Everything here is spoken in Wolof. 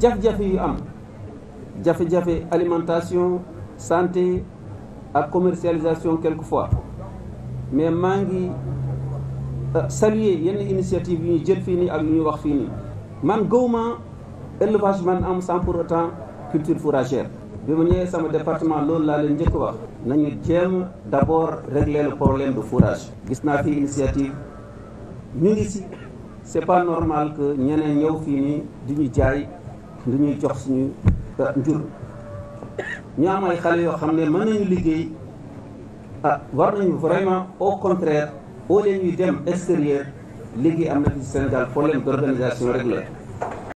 jafe-jafe yu am jafe-jafe alimentation santé ak commercialisation fois mais maa ngi euh, saluer yenn initiative yu ñu jël fii nii ak yu ñu wax fii nii man gawma élevage man am sans pour autant culture fourragère bi ma ñëwee sama département loolu laa leen njëkk wax nañu jéem d' abord régler le problème de fourage gis naa fi initiative ñu ngi si est pas normal que ñeneen ñëw fii nii di ñu jaay lu ñuy jox suñu njur ñu am xale yoo xam ne mën nañu liggéey ah war nañu vraiment au contraire au lieu dem extérieur liggéey am na fi Sénégal problème d' organisation rek